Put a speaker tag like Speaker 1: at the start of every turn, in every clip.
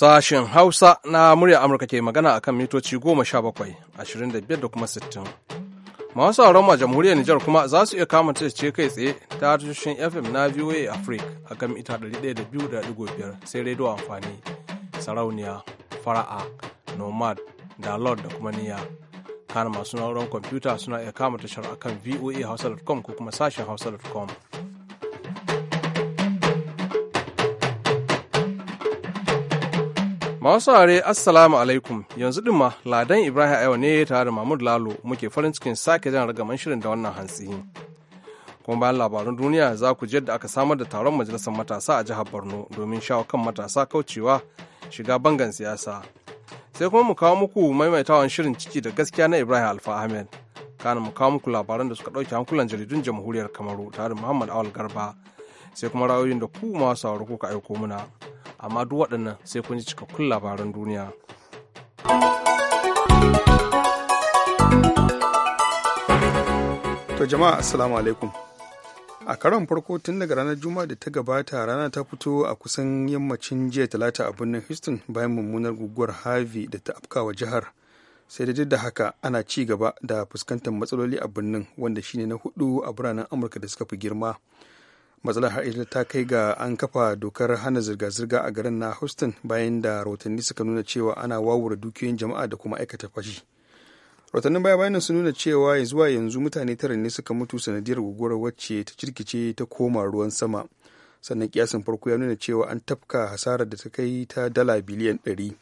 Speaker 1: Sashen Hausa na murya Amurka ke magana akan mitoci goma sha bakwai, ashirin da biyar da kuma sittin. Masu a roma jamhuriyar Nijar kuma za su iya kama ce kai tsaye ta tashoshin FM na VOA Africa kan mita ɗari ɗaya da biyu da ɗigo biyar sai rediyo amfani sarauniya fara'a nomad da lord da kuma niya kana masu na'urar kwamfuta suna iya kama tashar akan voa hausa.com ko kuma sashen hausa.com Masu are Assalamu alaikum yanzu din ma Ladan Ibrahim Ayo ne tare da Mahmud Lalo muke farin cikin sake jan ragaman shirin da wannan hantsi. Kuma bayan labarun duniya za ku yadda aka samar da taron majalisar matasa a jihar Borno domin shawo kan matasa kaucewa shiga bangan siyasa. Sai kuma mu kawo muku maimaitawan shirin ciki da gaskiya na Ibrahim Alfa Ahmed. Kana mu kawo muku labaran da suka ɗauke hankulan jaridun jamhuriyar Kamaru tare da Muhammad Awal Garba. Sai kuma ra'ayoyin da ku masu sauraro kuka aiko muna. amma duk waɗannan sai kun ji cikakkun labaran duniya.
Speaker 2: To jama'a assalamu alaikum. A karon farko tun daga ranar Juma'a da ta gabata rana ta fito a kusan yammacin jiya talata a birnin Houston bayan mummunar guguwar Harvey da ta afkawa jihar. Sai da duk da haka ana ci gaba da fuskantar matsaloli a birnin wanda shine na hudu a biranen Amurka da suka fi girma. matsalar har ita ta kai ga an kafa dokar hana zirga-zirga a garin na houston bayan da rahotanni suka nuna cewa ana wawura dukiyoyin jama'a da kuma aikata fashi rahotannin baya bayanan su nuna cewa zuwa yanzu mutane tara ne suka mutu sanadiyar guguwar wacce ta cirkice ta koma ruwan sama sannan kiyasin farko ya nuna cewa an tafka hasarar da ta kai ta dala biliyan 100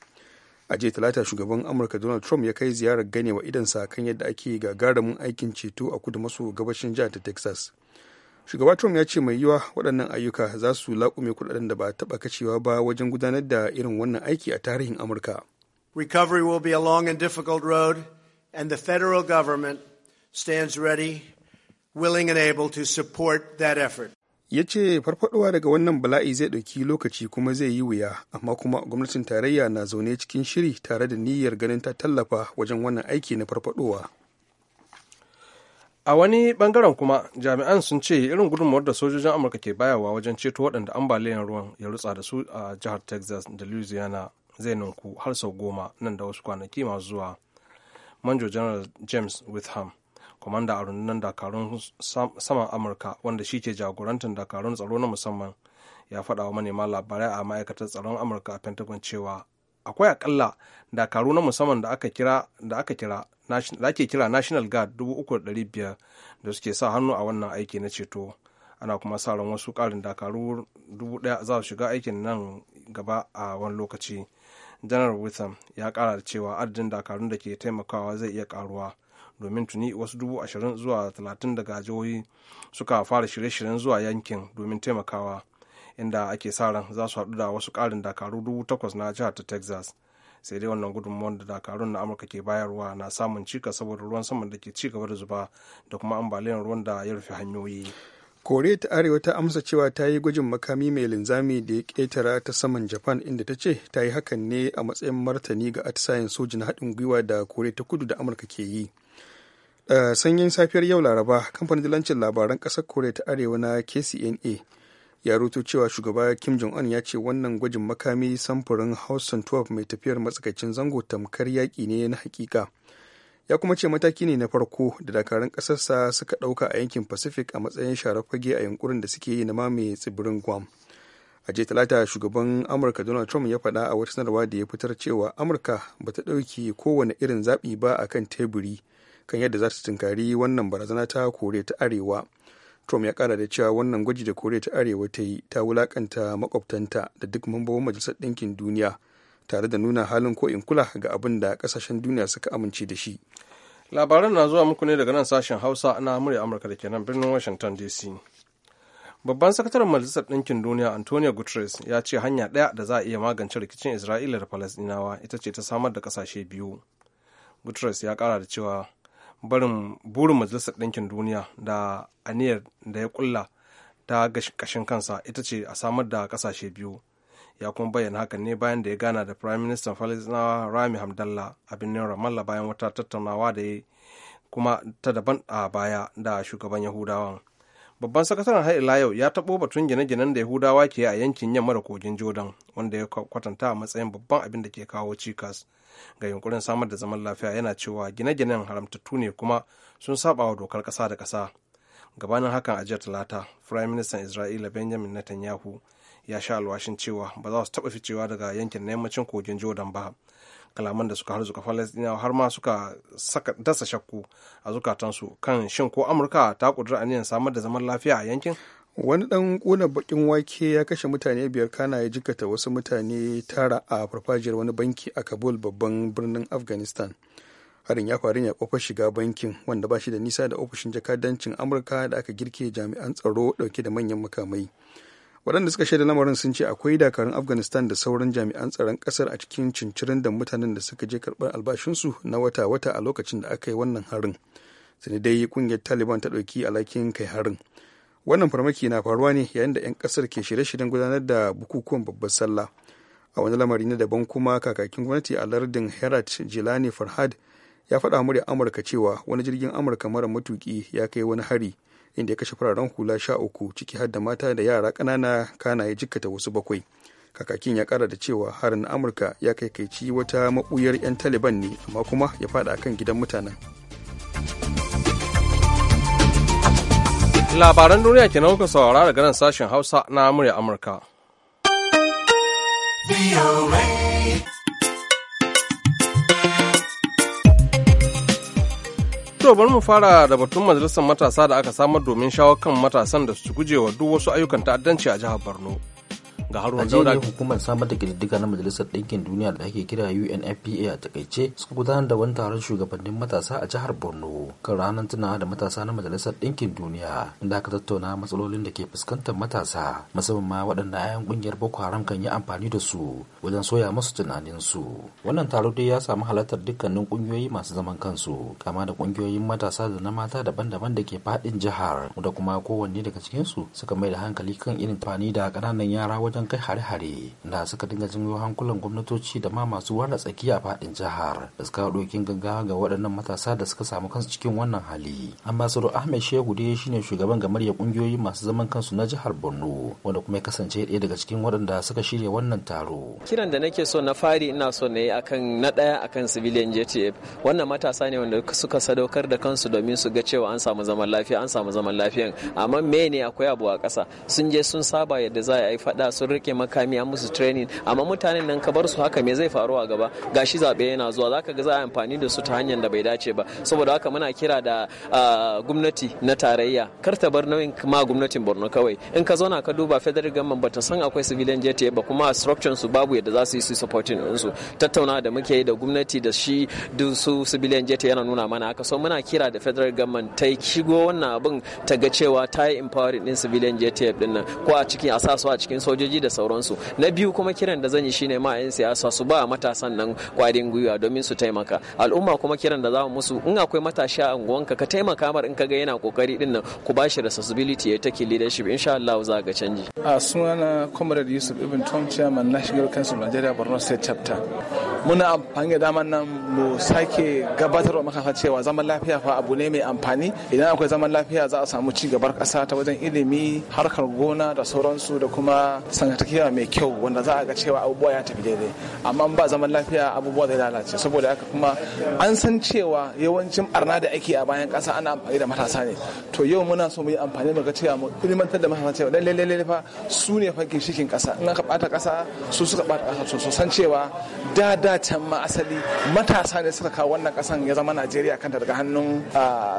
Speaker 2: a jiya talata shugaban amurka donald trump ya kai ziyarar ganewa sa kan yadda ake gagarumin aikin ceto a kudu maso gabashin jihar ta texas shugaba trump ya ce mai yiwa waɗannan ayyuka za su laƙume kuɗaɗen da ba taɓa kacewa ba wajen gudanar da irin wannan aiki a tarihin amurka recovery
Speaker 3: will be a long and difficult road and the federal government stands ready
Speaker 4: willing and able to support that effort
Speaker 2: ya ce farfadowa daga wannan bala'i zai ɗauki lokaci kuma zai yi wuya amma kuma gwamnatin tarayya na zaune cikin shiri tare da niyyar ganin ta tallafa wajen wannan aiki na farfadowa a wani
Speaker 1: bangaren kuma jami'an sun ce irin gudunmawar da sojojin amurka ke bayarwa wajen ceto waɗanda ambaliyar ruwan ya rutsa da su a jihar texas da louisiana zai ninku har sau goma nan da wasu kwanaki masu zuwa manjo general james witham kwamanda a rundunar dakarun saman amurka wanda shi ke jagorantar dakarun tsaro na musamman ya faɗa wa manema labarai a ma'aikatar tsaron amurka a pentagon cewa akwai akalla dakaru na musamman da aka kira da aka kira da ake kira national guard 3,500 da suke sa hannu a wannan aiki na ceto ana kuma sa ran wasu karin dakaru 1,000 za su shiga aikin nan gaba a wani lokaci general witham ya kara da cewa adadin dakarun da ke taimakawa zai iya ƙaruwa domin tuni wasu dubu ashirin zuwa talatin daga jihohi suka fara shirye-shiryen zuwa yankin domin taimakawa inda ake sa ran za su haɗu da wasu ƙarin dakaru dubu takwas na jihar ta texas sai dai wannan gudunmawar da dakarun na amurka ke bayarwa na samun cika saboda ruwan saman da ke ci gaba da zuba da kuma ambaliyar ruwan da ya rufe hanyoyi
Speaker 2: koriya ta arewa ta amsa cewa ta yi gwajin makami mai linzami da ya ƙetara ta saman japan inda ta ce ta yi hakan ne a matsayin martani ga atisayen sojin haɗin gwiwa da koriya ta kudu da amurka ke yi eh, sanyin safiyar yau laraba kamfanin dalancin labaran ƙasar koriya ta arewa na kcna ya ruto cewa shugaba kim jong un ya ce wannan gwajin makami samfurin hausson 12 mai tafiyar matsakaicin zango tamkar yaƙi ne na hakika ya kuma ce mataki ne na farko da dakarun ƙasarsa suka ɗauka a yankin pacific a matsayin sharafage fage a yankurin da suke yi na mamaye tsibirin guam a jiya talata shugaban amurka donald trump ya faɗa a wata sanarwa da ya fitar cewa amurka ba ta ɗauki kowane irin zaɓi ba a kan teburi kan yadda za ta tunkari wannan barazana ta kore ta arewa trump ya kara da cewa wannan gwaji da koriya ta arewa ta yi ta wulakanta makwabtanta da duk mambobin majalisar ɗinkin duniya tare da nuna halin ko in kula ga abin da kasashen duniya suka amince da shi
Speaker 1: labaran na zuwa muku ne daga nan sashen hausa na murya amurka da ke nan birnin washington dc babban sakataren majalisar ɗinkin duniya antonio guterres ya ce hanya ɗaya da za a iya magance rikicin isra'ila da falasɗinawa ita ce ta samar da ƙasashe biyu guterres ya kara da cewa barin burin majalisar ɗinkin duniya da aniyar da ya kulla ta kashin kansa ita ce a samar da ƙasashe biyu ya kuma bayyana hakan ne bayan da ya gana da prime minister falisnawa rami hamdalla a birnin ramallah bayan wata tattaunawa da ya kuma ta daban a baya da shugaban yahudawan babban sakataren har ila yau ya taɓo batun gine-ginen da yahudawa ke a yankin yamma da kogin jordan wanda ya kwatanta a matsayin babban abin da ke kawo cikas ga yunkurin samar da zaman lafiya yana cewa gine-ginen haramtattu ne kuma sun saba wa dokar ƙasa da ƙasa gabanin hakan ajiyar talata firayim ministan isra'ila benjamin netanyahu ya sha alwashin cewa ba za su taɓa ficewa daga yankin na yammacin kogin jordan ba kalaman da suka har zuka falastinawa har ma suka saka dasa shakku a zukatansu kan shin ko amurka ta a aniyan samar da zaman lafiya a yankin
Speaker 2: wani dan kona bakin wake ya kashe mutane biyar kana ya jikata wasu mutane tara a farfajiyar wani banki a kabul babban birnin afghanistan harin ya faru ne a kofar shiga bankin wanda ba shi da nisa da ofishin jakadancin amurka da aka girke jami'an tsaro dauke da manyan makamai waɗanda suka shaida lamarin sun ce akwai dakarun afghanistan da sauran jami'an tsaron kasar a cikin cincirin da mutanen da suka je karɓar albashinsu na wata-wata a lokacin da aka yi wannan harin sani dai kungiyar taliban ta ɗauki alhakin kai harin wannan farmaki na faruwa ne yayin da 'yan ƙasar ke shirye-shiryen gudanar da bukukuwan babbar sallah a wani lamari na daban kuma kakakin gwamnati a lardin herat jilani farhad ya faɗa murya amurka cewa wani jirgin amurka mara matuki ya kai wani hari inda ya kashe fararen hula sha uku ciki har da mata da yara kanana kana ya jikkata wasu bakwai kakakin ya kara da cewa harin amurka ya kai kaici wata maɓuyar 'yan taliban ne amma kuma ya fada akan gidan mutanen
Speaker 1: labaran duniya ke kuka saurara daga nan sashen hausa na amurya amurka To bari mu fara da batun majalisar matasa da aka samar domin shawo kan matasan da su gujewa duk wasu ayyukan ta'addanci a jihar Borno. ga wanzu da
Speaker 5: hukumar samar da kididdiga na majalisar ɗinkin duniya da ake kira unfpa a takaice suka gudanar da wani taron shugabannin matasa a jihar borno kan ranar tunawa da matasa na majalisar ɗinkin duniya inda aka tattauna matsalolin da ke fuskantar matasa musamman ma waɗanda 'ya'yan ƙungiyar boko haram kan yi amfani da su wajen soya musu su wannan taro dai ya samu halartar dukkanin ƙungiyoyi masu zaman kansu kama da ƙungiyoyin matasa da na mata daban-daban da ke faɗin jihar da kuma kowanne daga cikinsu suka mai da hankali kan irin tafani da ƙananan yara wajen an kai hare-hare da suka dinga janyo hankulan gwamnatoci da ma masu wara a faɗin jihar da suka dokin ganga ga waɗannan matasa da suka samu kansu cikin wannan hali ambassador ahmed shehu dai shine shugaban gamaryar kungiyoyi masu zaman kansu na jihar borno wanda kuma ya kasance ɗaya daga cikin waɗanda suka shirya wannan taro
Speaker 6: kiran da nake so na fari ina so na yi akan na ɗaya akan civilian jtf wannan matasa ne wanda suka sadaukar da kansu domin su ga cewa an samu zaman lafiya an samu zaman lafiyan amma me ne akwai abu a ƙasa sun je sun saba yadda za a yi faɗa su sun rike makami an musu training amma mutanen nan ka bar su haka me zai faru a gaba gashi zabe yana zuwa zaka ga za a amfani da su ta hanyar da bai dace ba saboda haka muna kira da gwamnati na tarayya kar ta bar nauyin ma gwamnatin Borno kawai in ka zo na ka duba federal government bata san akwai civilian jet ba kuma structure su babu yadda za su yi su supporting din su tattauna da muke yi da gwamnati da shi su civilian jet yana nuna mana haka so muna kira da federal government ta shigo wannan abin ta ga cewa ta yi empowering din civilian jet din nan ko a cikin a sa a cikin sojoji sojoji da sauransu na biyu kuma kiran da zan yi shine ma 'yan siyasa su ba matasan nan kwarin gwiwa domin su taimaka al'umma kuma kiran da za mu musu in akwai matashi a unguwanka ka taimaka mar in ka ga yana kokari din nan ku ba shi responsibility ya take leadership insha Allah za ga canji
Speaker 1: a sunana comrade Yusuf Ibn Tom chairman National Council Nigeria Borno State chapter muna amfani da daman nan mu sake gabatarwa makafa cewa zaman lafiya fa abu ne mai amfani idan akwai zaman lafiya za a samu ci gabar ƙasa ta wajen ilimi harkar gona da sauransu da kuma sanatakiya mai kyau wanda za a ga cewa abubuwa ya tafi daidai amma ba zaman lafiya abubuwa zai lalace saboda haka kuma an san cewa yawancin barna da ake a bayan kasa ana amfani da matasa ne to yau muna so mu yi amfani mu ga cewa mu ilimantar da matasa cewa lalle lalle fa su ne fa ginshikin ƙasa in aka bata kasa su suka ɓata ƙasa sosai san cewa da da can ma asali matasa ne suka kawo wannan kasan ya zama najeriya kanta daga hannun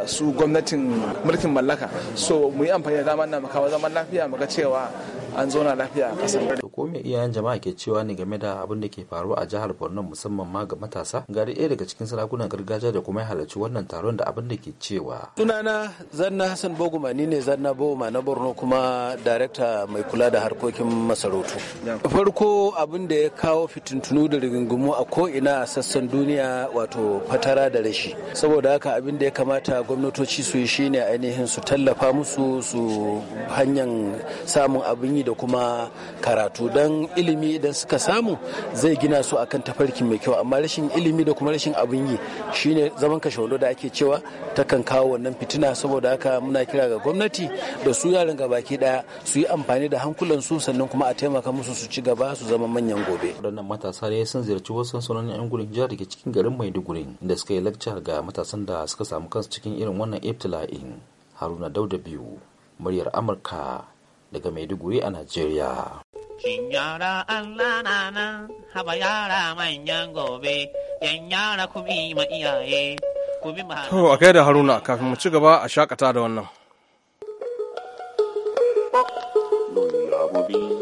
Speaker 1: su gwamnatin mulkin mallaka so mu yi amfani da damar na mu kawo zaman lafiya mu ga cewa an zauna lafiya a kasar. da
Speaker 5: ko me iyayen jama'a ke cewa ne game da abin da ke faruwa a jihar Borno musamman ma ga matasa? Gari ɗaya daga cikin sarakunan gargajiya da kuma ya halarci wannan taron da abin da ke cewa.
Speaker 7: Sunana Zanna Hassan Boguma ni ne Zanna Boguma na Borno kuma darakta mai kula da harkokin masarautu. Farko abin da ya kawo fitintunu da rigingimu a ko ina a sassan duniya wato fatara da rashi saboda haka abin da ya kamata gwamnatoci su yi shine ainihin su tallafa musu su hanyar samun abin yi da kuma karatu don ilimi idan suka samu zai gina su akan tafarki mai kyau amma rashin ilimi da kuma rashin abin yi shine zaman kashe wando da ake cewa takan kawo wannan fitina saboda haka muna kira ga gwamnati da su yaran gabaki daya su yi amfani da hankulansu sannan kuma a taimaka musu su ci gaba su zama manyan gobe. matasa
Speaker 5: ne sun ziyarci wasu sansanonin 'yan gudun jihar da ke cikin garin maiduguri da suka yi lakcar ga matasan da suka samu kansu cikin irin wannan iftila'in haruna dauda biyu muryar amurka daga maiduguri a najeriya
Speaker 6: Shin yara Allah na nan haba yara manyan gobe, yan yara ku bi ma iyaye, ku bi ma
Speaker 1: To, a kai da Haruna kafin mu ci gaba a shakata da wannan.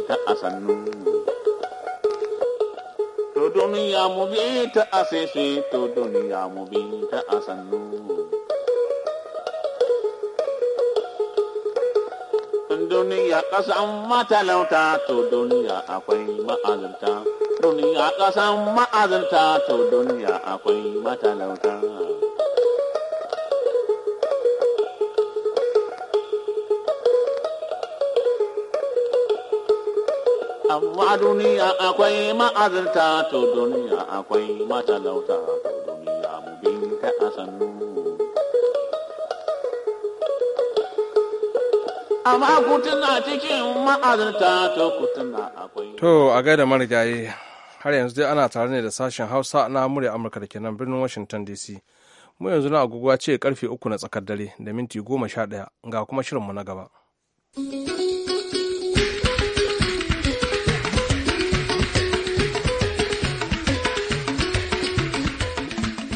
Speaker 3: ta asannu duniya mu bi ta asese to duniya mu bi ta asannu duniya kasan matalauta to duniya akwai ma'azanta duniya kasan ma'azanta to duniya akwai
Speaker 6: matalauta
Speaker 3: amma duniya akwai ma'azarta to duniya akwai matalauta to duniya mu binta a sannu
Speaker 6: amma kutuna cikin ma'azarta
Speaker 3: to kutuna akwai
Speaker 1: to a gaida marigayi har yanzu dai ana tare ne da sashen hausa na murya amurka da ke nan birnin washington dc mu yanzu na agogo ce karfe uku na tsakar dare da minti goma sha ɗaya ga kuma shirinmu na gaba.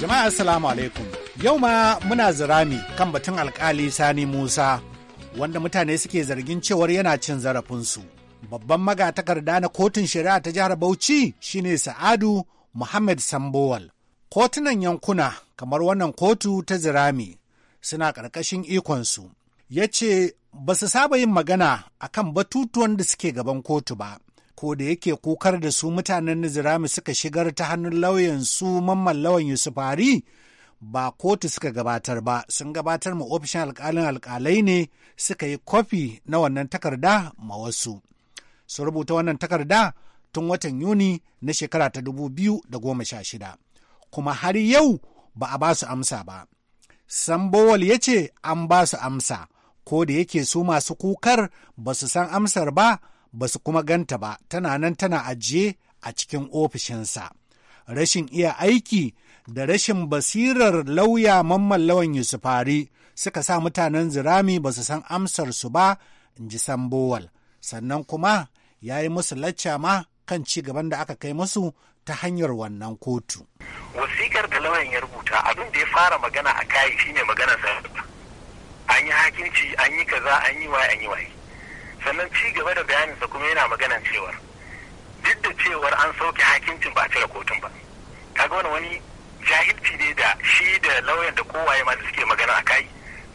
Speaker 4: Jama'a Assalamu alaikum. Yau ma muna zirami kan batun alkali Sani Musa wanda mutane suke zargin cewar yana cin zarafinsu. Babban magatakarda na kotun shari'a ta jihar Bauchi shine Sa'adu Muhammad Sambowal. Kotunan yankuna kamar wannan kotu ta zirami suna ƙarƙashin ikonsu. Ya ce ba su saba yin magana akan batutuwan da suke gaban kotu ba. ko da yake kokar da su mutanen Nizirami suka shigar ta hannun lauyan su mamman lawan Yusuf Ari ba kotu suka gabatar ba sun gabatar ma ofishin alkalin alkalai ne suka yi kofi na wannan takarda ma wasu su rubuta wannan takarda tun watan yuni na shekara ta dubu biyu da goma sha shida, kuma har yau ba a ba su amsa ba sambowal ya ce an ba su amsa ko da yake su masu kukar ba su san amsar ba ba su kuma ganta ba tana nan tana ajiye a cikin ofishinsa. Rashin iya aiki da rashin basirar lauya mamman lawan Yusufari suka sa mutanen zirami ba su san amsarsu ba, in ji Sambowal. Sannan kuma ya yi musu lacca ma kan ci gaban da aka kai musu ta hanyar wannan kotu.
Speaker 3: Wasikar da lauyan ya rubuta abin da ya fara magana a kayi shine magana sa an yi hakinci an yi kaza an yi waye an yi waye sannan ci gaba da bayaninsa kuma yana magana cewar duk da cewar an sauke hakincin ba a cire kotun ba kaga wani wani jahilci ne da shi da lauyan da kowaye ma suke magana a kai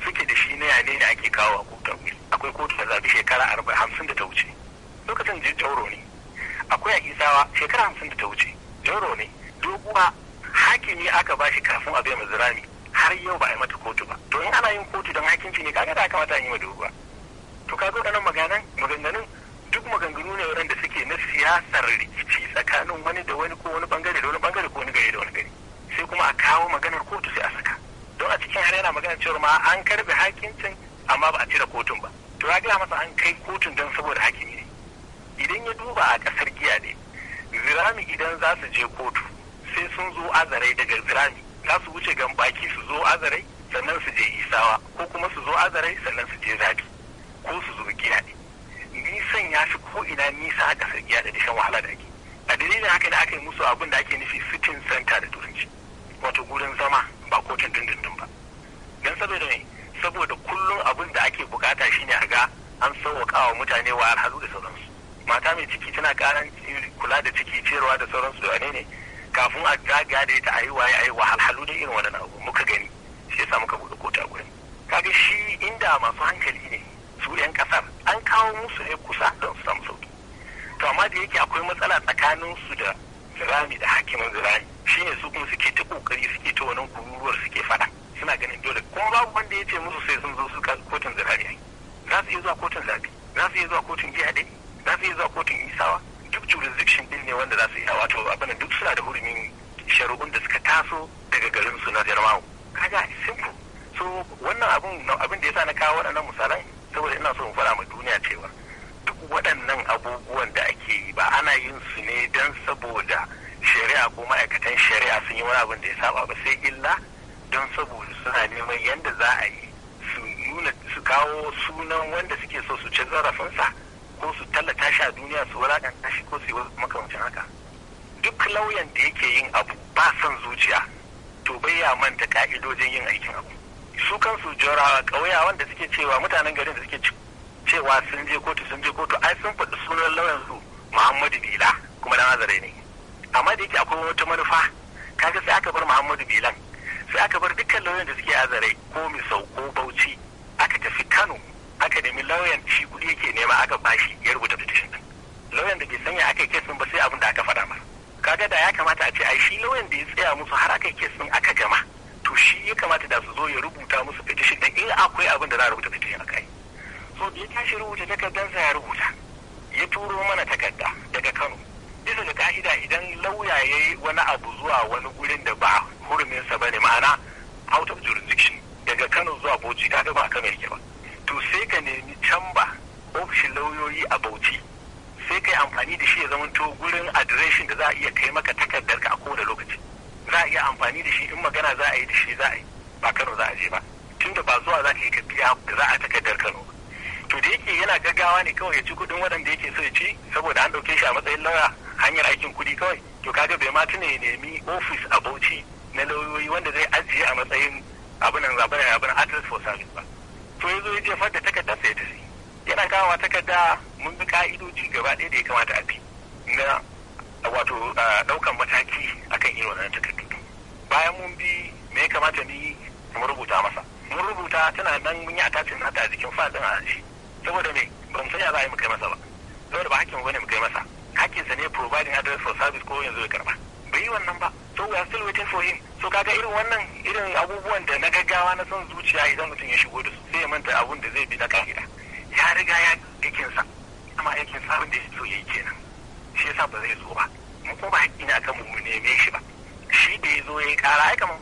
Speaker 3: suke da shi na yane ne ake kawo a kotun akwai kotu da zaɓi shekara arba'in hamsin da ta wuce lokacin jauro ne akwai a isawa shekara hamsin da ta wuce jauro ne doguwa hakimi aka bashi kafin a bai mazirami har yau ba a yi mata kotu ba to in ana yin kotu don hakinci ne kaga da kamata mata yi wa doguwa to kaga waɗannan maganan maganganun duk maganganu ne waɗanda suke na siyasar rikici tsakanin wani da wani ko wani bangare da wani bangare ko wani gari da wani gari sai kuma a kawo maganar kotu sai a saka don a cikin har yana magana cewa ma an karbe hakincin amma ba a cire kotun ba to ya gaya masa an kai kotun don saboda hakimi ne idan ya duba a kasar giya ne zirami idan za su je kotu sai sun zo azarai daga zirami za su wuce gan baki su zo azarai sannan su je isawa ko kuma su zo azarai sannan su je zafi. ko su zo giyaɗe nisan ya fi ko ina nisa aka sa giya da shan wahala da ake a dalilin haka ne aka yi musu abin da ake nufi sitting center da turanci wato gurin zama ba kotun dindindin ba don saboda ne saboda kullum abin da ake bukata shine a ga an sauwaƙa wa mutane wa halu da sauransu mata mai ciki tana karan kula da ciki ciyarwa da sauransu da wane ne kafin a zagaya da ita a yi waye a yi wahalhalu da irin wannan abu muka gani shi yasa muka buɗe kota gurin kaga shi inda masu hankali ne kawo musu ne kusa don su samu sauki to amma da yake akwai matsala tsakanin su da zirami da hakiman zirami shine su kuma suke ta kokari suke ta wannan kururuwar suke fada suna ganin dole kuma babu wanda ya ce musu sai sun zo su kotun zirami za su iya zuwa kotun zabi za su iya zuwa kotun jiya ɗaya za su iya zuwa kotun isawa duk jurisdiction din ne wanda za su iya wato abin duk suna da hurumin shari'un da suka taso daga garin su na jarmawo kaga simple so wannan abun abin da yasa na kawo waɗannan misalan da ya saba ba sai illa don saboda suna neman yadda za a yi su nuna su kawo sunan wanda suke so su ci zarafinsa ko su tallata shi a duniya su wulakanta shi ko su yi makamancin haka duk lauyan da yake yin abu ba son zuciya to bai ya manta ka'idojin yin aikin abu su kansu jorawa ƙauya wanda suke cewa mutanen garin da suke cewa sun je kotu sun je kotu ai sun faɗi sunan lauyan su muhammadu bila kuma da azare ne amma da yake akwai wata manufa kaga sai aka muhammadu bilan sai aka bar dukkan lauyan da suke azare ko misau ko bauchi aka tafi kano aka nemi lauyan shi kuɗi yake nema aka bashi ya rubuta petition din lauyan da bai sanya aka kai sun ba sai abin da aka faɗa masa kaga da ya kamata a ce ai shi lauyan da ya tsaya musu har aka kai sun aka gama to shi ya kamata da su zo ya rubuta musu petition din in akwai abin da za a rubuta petition a kai so da ya tashi rubuta sa ya rubuta ya turo mana takarda daga kano bisa ga ka'ida idan lauya ya yi wani abu zuwa wani gurin da ba huruminsa ba ne ma'ana out of jurisdiction daga kano zuwa bauchi ka ga ba kano yake ba to sai ka nemi ba ofishin lauyoyi a bauchi sai ka yi amfani da shi ya zama to gurin adireshin da za a iya kai maka takardar ka a kowane lokaci za a iya amfani da shi in magana za a yi da shi za a yi ba kano za a je ba tunda ba zuwa za ka yi ka biya da za a takardar kano to da yake yana gaggawa ne kawai ya ci kudin waɗanda yake so ya ci saboda an ɗauke shi a matsayin lauya hanyar aikin kudi kawai to kaga bai ma tuna ya nemi ofis a bauchi na lauyoyi wanda zai ajiye a matsayin abinan zaɓen abinan address for service ba to ya ya jefar da takarda sai ta yana kawowa takarda mun bi ka'idoji gaba ɗaya da ya kamata a bi na wato ɗaukan mataki akan irin wannan takardu bayan mun bi me ya kamata ni mun rubuta masa mun rubuta tana nan mun yi attachment nata a jikin fadin a shi saboda me ban san ya za a yi mu kai masa ba saboda ba hakkin wani mu kai masa providing address for service ko yanzu ya karba bai yi wannan ba so we are still waiting for him so kaga irin wannan irin abubuwan da na gaggawa na son zuciya idan mutum ya shigo da su sai ya manta abun da zai bi na ka'ida ya riga ya sa amma aikin sabon da ya so ya yi kenan shi yasa ba zai zo ba mu kuma ba haƙƙi kan akan mu neme shi ba shi da ya zo ya yi ƙara ai kamar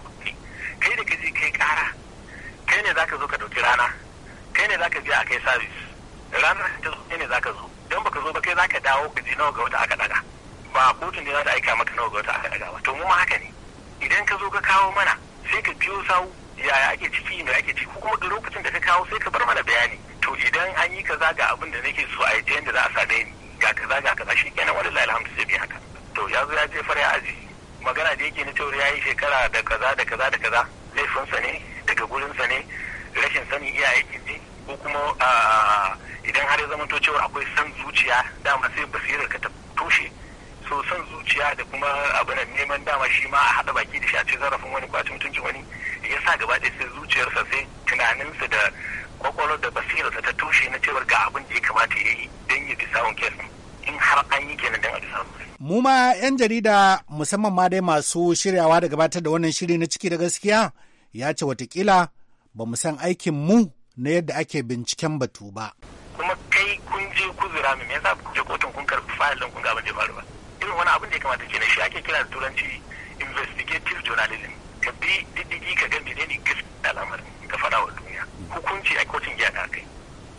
Speaker 3: kai da kaje kai ƙara kai ne zaka zo ka ɗauki rana kai ne zaka je a kai sabis ranar ta zo kai ne zaka zo don baka zo ba kai zaka dawo ka ji nawa ga wata aka ɗaga ba kotun da za ta aika maka nawa ga wata aka daga ba to mu ma haka ne idan ka zo ka kawo mana sai ka biyo sau yaya ake ciki me ake ciki kuma ga lokacin da ka kawo sai ka bar mana bayani to idan an yi kaza ga abin da nake so a yi da yadda za a same ni ga kaza ga kaza shi kenan lalai alhamdu zai bi haka to ya zo ya je fara aji magana da yake na cewa ya yi shekara da kaza da kaza da kaza laifinsa ne daga gurinsa ne rashin sani iyaye ne ko kuma ah, idan har ya zama to cewa akwai san zuciya dama sai basirar ka tabbata so son zuciya da kuma abu nan neman dama shi ma a haɗa baki da shi a ci zarafin wani kwacin mutuncin wani ya sa gaba ɗaya sai zuciyarsa sai tunaninsa da kwakwalo da basirarsa ta tushe na cewar ga abin da ya kamata ya yi don ya bi samun in har an yi kenan don a
Speaker 4: bi mu ma 'yan jarida musamman ma dai masu shiryawa da gabatar da wannan shiri na ciki da gaskiya ya ce watakila ba mu san aikin mu na yadda ake binciken batu ba.
Speaker 3: kuma kai kun je kuzura me yasa ku je kotun kun karbi fayil din kun ga ban ba. irin wani abin da ya kamata kenan shi ake kira da turanci investigative journalism ka bi diddigi ka ga menene gaskiya al'amarin ka fara wa duniya hukunci a kotun giya da kai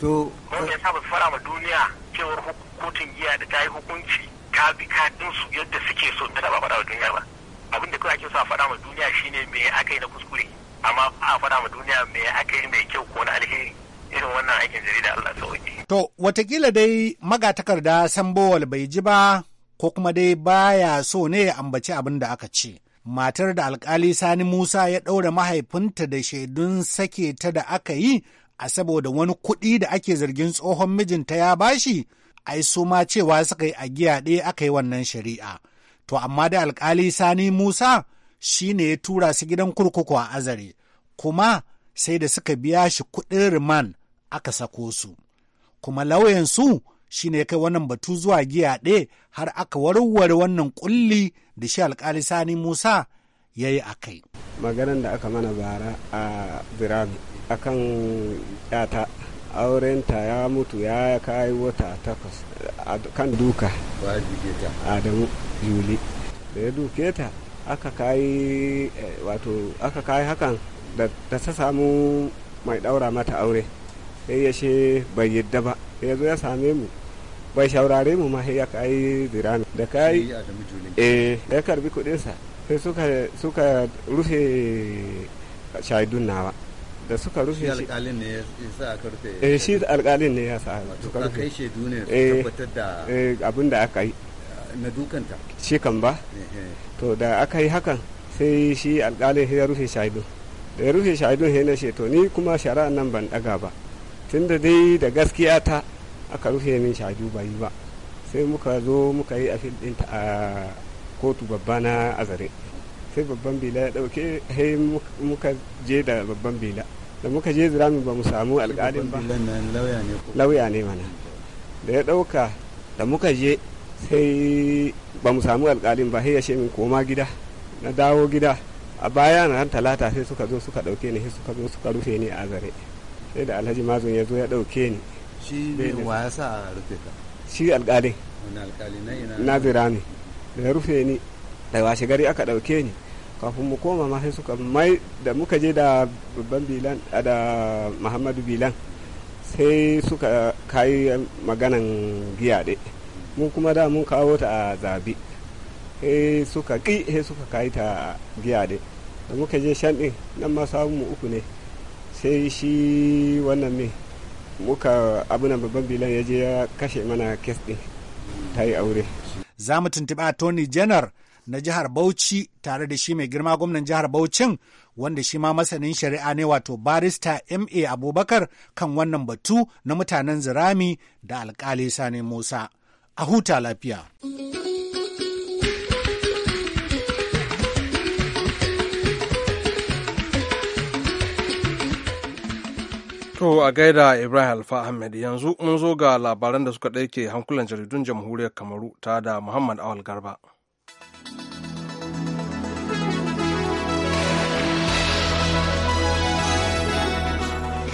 Speaker 3: to wanda ya saba fara ma duniya cewar kotun giya da ta yi hukunci ta bi kadin su yadda suke so tana ba fara wa duniya ba abin da kawai ake so a fara ma duniya shine me aka yi na kuskure amma a fara ma duniya me aka yi mai kyau ko na alheri irin wannan aikin jarida Allah
Speaker 4: sauki to watakila dai magatakarda sambowal bai ji ba ko kuma dai baya so ne ya ambaci abin da aka ce. Matar da alkali Sani Musa ya ɗaura mahaifinta da shaidun sake ta da aka yi a saboda wani kuɗi da ake zargin tsohon mijinta ya bashi, ai su ma cewa suka yi a giya ɗaya aka yi wannan shari'a. To amma da alkali Sani Musa shi ne ya tura su gidan kurkuku a azare, kuma sai da suka biya shi kuɗin riman aka sako su. Kuma lauyansu shine ya kai wannan batu zuwa giya ɗaya har aka warware wannan kulli da shi alkali sani musa ya yi a kai
Speaker 8: maganan da aka mana bara a birami akan yata aurenta ya mutu ya kai wata takwas a kan duka adamu juli da ya duke ta aka kai eh, wato aka kayi hakan da ta samu mai ɗaura mata aure sai ya bai yadda ba ya zo ya same mu bai shaurare mu ma sai ya kai dirami da kai eh ya karbi kudin sa sai suka suka rufe shaidun nawa da suka rufe shi alƙalin ne ya sa aka rufe eh shi alƙalin ne ya sa suka rufe kai shaidu ne eh, tabbatar da eh abin da aka yi na dukanta shi kan ba eh, eh. to da aka yi hakan sai shi alƙalin ya rufe shaidun da ya rufe shaidun sai na ce to ni kuma shari'a nan ban daga ba tunda dai da gaskiya ta aka rufe min shaidu yi ba sai muka zo muka yi afil ɗinta a kotu babba na azare sai babban bila ya ɗauke sai muka je da babban bila da muka je zirami ba mu samu alƙalin ba lauya ne mana da ya ɗauka da muka je sai ba mu samu alƙalin ba sai ya ce min koma gida na dawo gida a baya na ran talata sai suka zo suka ɗauke ni sai suka zo suka rufe ni a zare sai da alhaji mazun ya zo ya ɗauke ni shi ne wa ya sa a rufe ka shi alkali na zira ne da ya rufe ni da washe gari aka ɗauke ni kafin mu koma ma sai suka mai da muka je da babban bilan da muhammadu bilan sai suka kayi maganan giya ɗe mun kuma da mun kawo ta a zabi sai suka ƙi sai suka kayi ta giya ɗe da muka je shan ɗin nan ma samu uku ne sai shi wannan mai muka abunan babban bilan ya je ya kashe mana kes ɗin ta yi aure.
Speaker 4: Za mu tuntuɓi Tony Jenner na jihar Bauchi tare da shi mai girma gwamnan jihar Bauchin wanda shi ma masanin shari'a ne wato barista MA Abubakar kan wannan batu na mutanen zirami da alkali Sani Musa. A huta lafiya.
Speaker 1: To a gaida Ibrahim Alfa Ahmed yanzu mun zo ga labaran da suka ɗauke hankulan jaridun jamhuriyar Kamaru ta da Muhammad Awal Garba.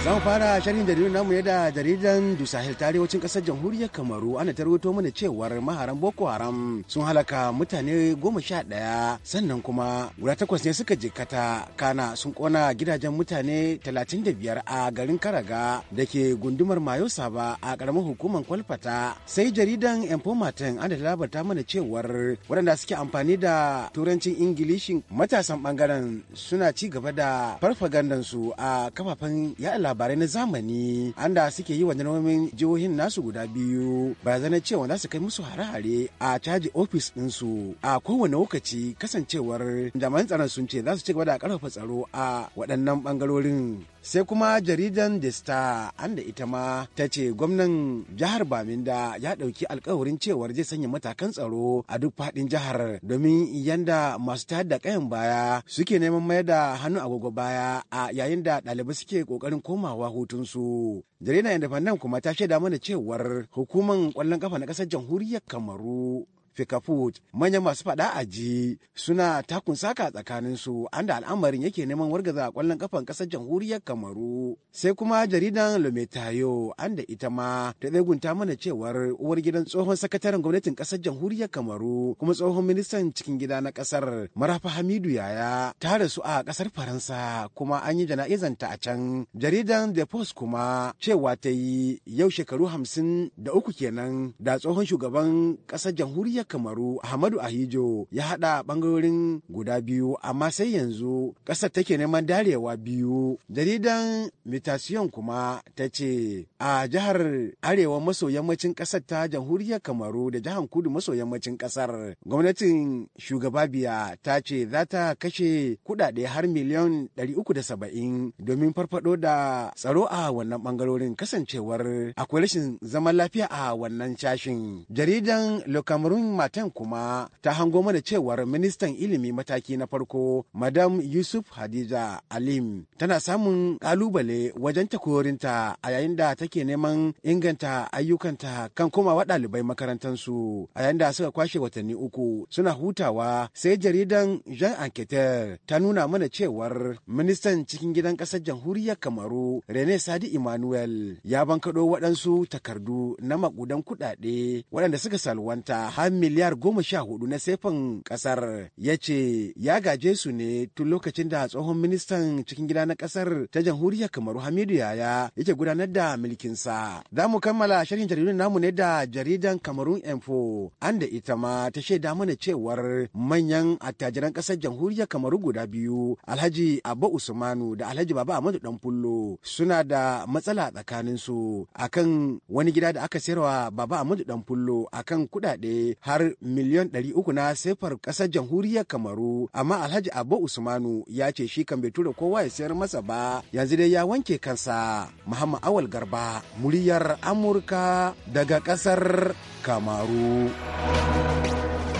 Speaker 7: Za mu fara shirin jaridun namu yadda da jaridan Du Sahel arewacin kasar jamhuriyar Kamaru ana ta rawaito mana cewar maharan Boko Haram sun halaka mutane goma sha ɗaya sannan kuma guda takwas ne suka jikata kana sun kona gidajen mutane talatin da biyar a garin Karaga da ke gundumar Mayo Saba a karamar hukumar Kwalfata sai jaridan Informatin ana labarta mana cewar waɗanda suke amfani da turancin Ingilishin matasan bangaren suna ci gaba da farfagandansu a kafafen ya labarai na zamani anda suke yi wa janomin jihohin nasu guda biyu barazanar cewa za su kai musu hare-hare a caji ofis ɗinsu a kowane lokaci kasancewar jami'an tsaron sun ce za su ci gaba da ƙarfafa tsaro a waɗannan ɓangarorin sai kuma jaridan the star anda ita ma ta ce gwamnan jihar baminda ya ɗauki alkawarin cewar zai sanya matakan tsaro a duk faɗin jihar domin yanda masu tayar da kayan baya suke neman mayar da hannu agogo baya a yayin da ɗalibai suke ƙoƙarin komawa hutunsu jaridar independent kuma ta shaida mana cewar hukumar kwallon kafa na ƙasar jamhuriyar kamaru Fikafut manyan masu faɗa a ji suna takun saka tsakanin su an da al'amarin yake neman wargaza a kwallon kafan ƙasar jamhuriyar Kamaru. Sai kuma jaridan Lometayo an da ita ma ta tsegunta mana cewar uwar gidan tsohon sakataren gwamnatin ƙasar jamhuriyar Kamaru kuma tsohon ministan cikin gida na ƙasar Marafa Hamidu Yaya ta rasu a ƙasar Faransa kuma an yi ta a can. Jaridan The Post kuma cewa ta yi yau shekaru hamsin da uku kenan da tsohon shugaban ƙasar jamhuriyar kamaru ahmadu ahijo ya haɗa ɓangarorin guda biyu amma sai yanzu ƙasar take neman darewa biyu jaridan mitasiyon kuma ta ce a jihar arewa maso yammacin ƙasar ta jamhuriyar kamaru da jihar kudu maso yammacin ƙasar gwamnatin shugaba biya ta ce za ta kashe kuɗaɗe har miliyan 370 domin farfado da tsaro a wannan bangarorin kasancewar akwai rashin zaman lafiya a wannan cashin jaridan le cameroon matan kuma ta hango mana cewar ministan ilimi mataki na farko madam yusuf hadiza alim tana samun kalubale wajen takorinta a yayin da take neman inganta ayyukanta kan komawa ɗalibai makarantansu a yayin da suka kwashe watanni uku suna hutawa sai jaridan jean anketer ta nuna mana cewar ministan cikin gidan ƙasar jamhuriyar kamaru rene sadi emmanuel ya bankaɗo waɗansu takardu na makudan kuɗaɗe waɗanda suka salwanta har miliyar goma sha hudu na sefan kasar ya ce ya gaje su ne tun lokacin da tsohon ministan cikin gida na kasar ta jamhuriyar kamaru hamidu yaya yake gudanar da mulkinsa za mu kammala sharhin jaridun namu ne da jaridan kamarun info an da ita ma ta shaida mana cewar manyan attajiran kasar jamhuriyar kamaru guda biyu alhaji abba usmanu da alhaji baba ahmadu dan fullo suna da matsala tsakaninsu akan wani gida da aka sayarwa baba ahmadu dan fullo akan kuɗaɗe har miliyon 300 na sefar ƙasar jamhuriyar kamaru amma alhaji abu usmanu ya ce shi kan bai tura kowa ya sayar masa ba yanzu dai ya wanke kansa muhammad awal garba muryar amurka daga ƙasar
Speaker 1: kamaru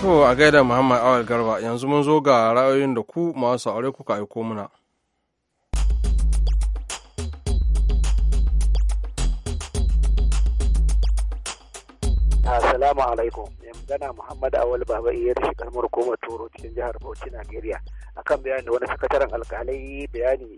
Speaker 1: to a gaida muhammad awal garba yanzu mun zo ga ra'ayoyin da ku masu aure kuka aiko muna
Speaker 3: Assalamu alaikum. Mai magana Muhammad Awal Baba iya da shekar hukumar Toro cikin jihar Bauchi, Najeriya. Akan bayani da wani sakataren alkalai bayani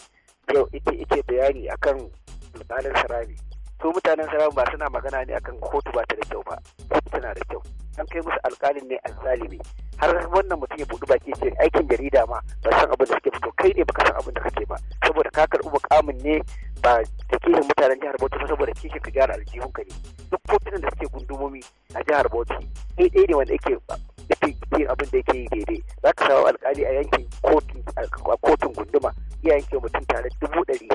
Speaker 3: yau ita ite bayani akan alkalin Sarabi. su mutanen sa ba suna magana ne akan kotu ba ta da kyau ba kotu tana da kyau an kai musu alkalin ne alzalimi har wannan mutum ya buɗi baki ce aikin jarida ma ba san abin da suke fito kai ne baka san abin da kake ba saboda ka karɓi mukamin ne ba da kishin mutanen jihar Bauchi ba saboda kishin ka gyara ka ne duk kotunan da suke gundumomi a jihar Bauchi ɗaya ɗaya ne wanda yake yin abin da yake yi daidai za ka samu alkali a yankin kotun gunduma iya yanke mutum tare dubu ɗari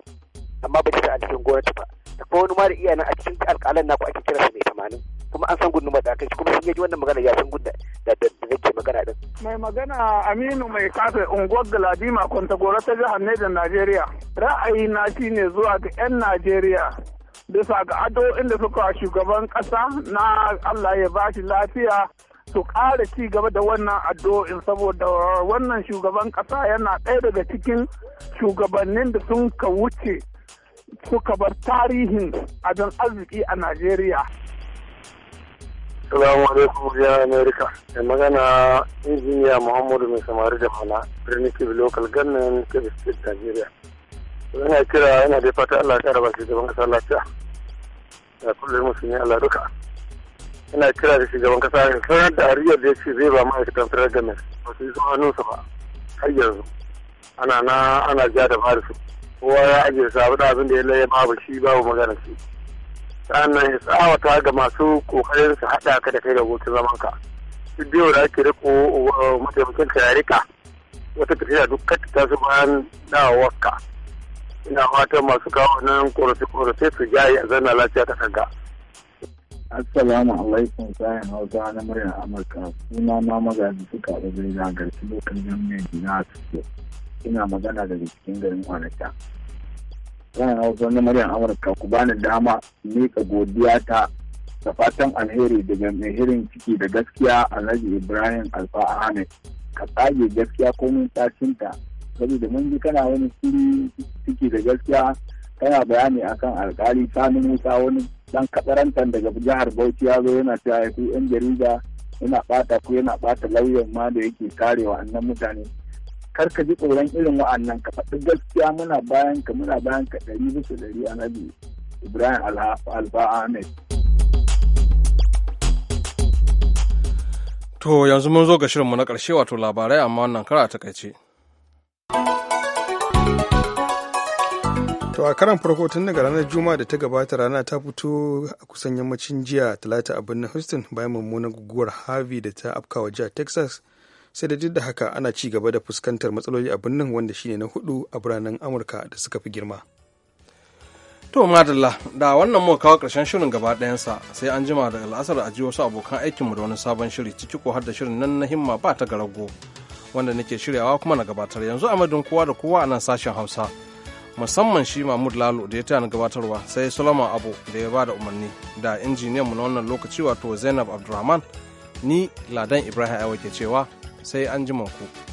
Speaker 3: amma ba ta a cikin gwamnati ba kuma wani ma da iyayen a cikin alƙalan naku ake kira su mai tamanin kuma an san gudun kai kuma sun yaji wannan magana ya san gudun da ke magana din.
Speaker 8: mai magana aminu mai kafe unguwar galadima kwantagora ta jihar nejan najeriya ra'ayi na shine zuwa ga 'yan najeriya bisa ga ado inda suka shugaban kasa na allah ya bashi lafiya su ƙara ci gaba da wannan addu'o'in saboda wannan shugaban ƙasa yana ɗaya daga cikin shugabannin da sun ka wuce suka bar tarihin adon arziki a Najeriya.
Speaker 3: Salamu alaikum ya Amerika. Mai magana injiniya Muhammadu Mai Samari da Mana, Birnin Kebbi Local Government Kebbi State Nigeria.
Speaker 6: Yana kira yana da fata Allah ya ba
Speaker 3: shugaban kasa lafiya. Ya kullum musulmi Allah duka. Yana kira da shugaban kasa ya sanar da ariyar da ya ce zai ba ma'aikatan Federal Government. Ba su yi zuwa hannunsa ba. Har yanzu. Ana na ana ja da ba su. kowa ya ajiye sabu da abin da ya laye babu shi babu magana shi sannan ya tsawata ga masu kokarin su haɗa ka da kai da abokin zaman ka duk biyu da ake riko mataimakin ka ya rika wata tafiya duk ta su bayan dawowarka ina fatan masu kawo nan korafe-korafe su jaye a zanna lafiya ta kanka. Assalamu alaikum sayan hausa na muryar Amurka suna na magaji suka da zai zagarci lokacin mai gina a cikin. ina magana daga cikin garin kwanata yana hausa na muryar amurka ku bani dama miƙa godiya ta da fatan alheri daga mai ciki da gaskiya alhaji ibrahim alfa ahmed ka tsage gaskiya tashin ta saboda mun ji kana wani siri ciki da gaskiya kana bayani akan alkali sani musa wani dan kadarantan daga jihar bauchi ya zo yana cewa ku yan jarida yana ɓata ku yana bata lauyan ma da yake karewa annan mutane kar ka ji tsoron irin wa'annan ka faɗi gaskiya muna bayan ka muna bayan ka ɗari bisa ɗari a nabi ibrahim alba
Speaker 8: ahmed
Speaker 1: to yanzu mun zo ga shirinmu na ƙarshe wato labarai amma wannan kara ta kaice.
Speaker 2: To a karan farko tun daga ranar Juma'a da ta gabata rana ta fito a kusan yammacin jiya talata a birnin Houston bayan mummunan guguwar Harvey da ta afkawa jihar Texas sai da duk da haka ana ci gaba da fuskantar matsaloli a birnin wanda shine na hudu a biranen amurka da suka fi girma
Speaker 1: to madalla da wannan muka kawo karshen shirin gaba ɗayansa sai an jima da al'asar a ji wasu abokan aikinmu da wani sabon shiri ciki ko har da shirin nan na himma ba ta garago wanda nake shiryawa kuma na gabatar yanzu a madun kowa da kowa a nan sashen hausa musamman shi mahmud lalo da ya taya na gabatarwa sai solomon abu da ya ba da umarni da injiniyanmu na wannan lokaci wato zainab abdulrahman ni ladan ibrahim aiwa ke cewa sai an jima ku.